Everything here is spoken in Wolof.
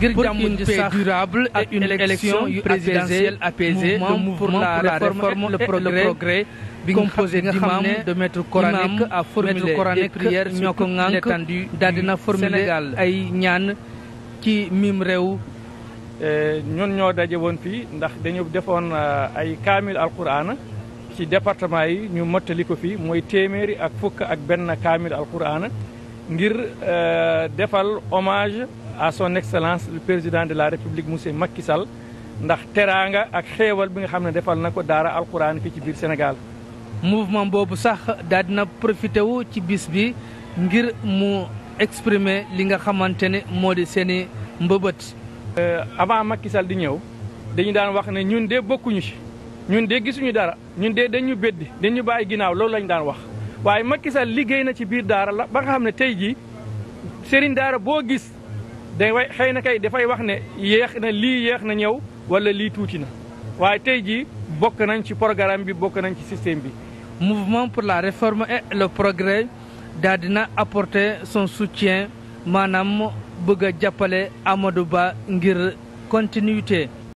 ngir jàmm ji sax durable ak une élection yu présidentielle apaisée le bi composé nga xam ne de maître coranique à formuler des prières ñoo ko ŋànk ay ñaan ci mim réew eh, ñun ñoo daje woon fii ndax dañu defoon eh, ay kaamil alquraan ci département yi ñu mottali ko fii mooy téeméeri ak fukk ak benn kaamil alquraan ngir euh, defal hommage à son excellence le président de la république monsieur Macky Sall ndax teraanga ak xéewal bi nga xam ne defal na ko daara alquran fii ci biir senegal mouvement boobu sax daal dina profité wu ci bis bi ngir mu exprimer li nga xamante ne moo di seen i mbëbët. Euh, avant Macky di ñëw dañu daan wax ne ñun de bokkuñu ci ñun de gisuñu dara ñun de dañu beddi dañu bàyyi ginnaaw loolu lañu daan wax. waaye Macky Sall liggéey na ci biir daara la ba nga xam ne tey jii sëriñ daara boo gis day way xëy na kay dafay wax ne yéex na lii yéex na ñëw wala lii tuuti na waaye tey jii bokk nañ ci programme bi bokk nañ ci système bi. Mouvement pour la réforme et le progrès daal dina apporter son soutien maanaam bëgg a jàppale Amadou Ba ngir continuité.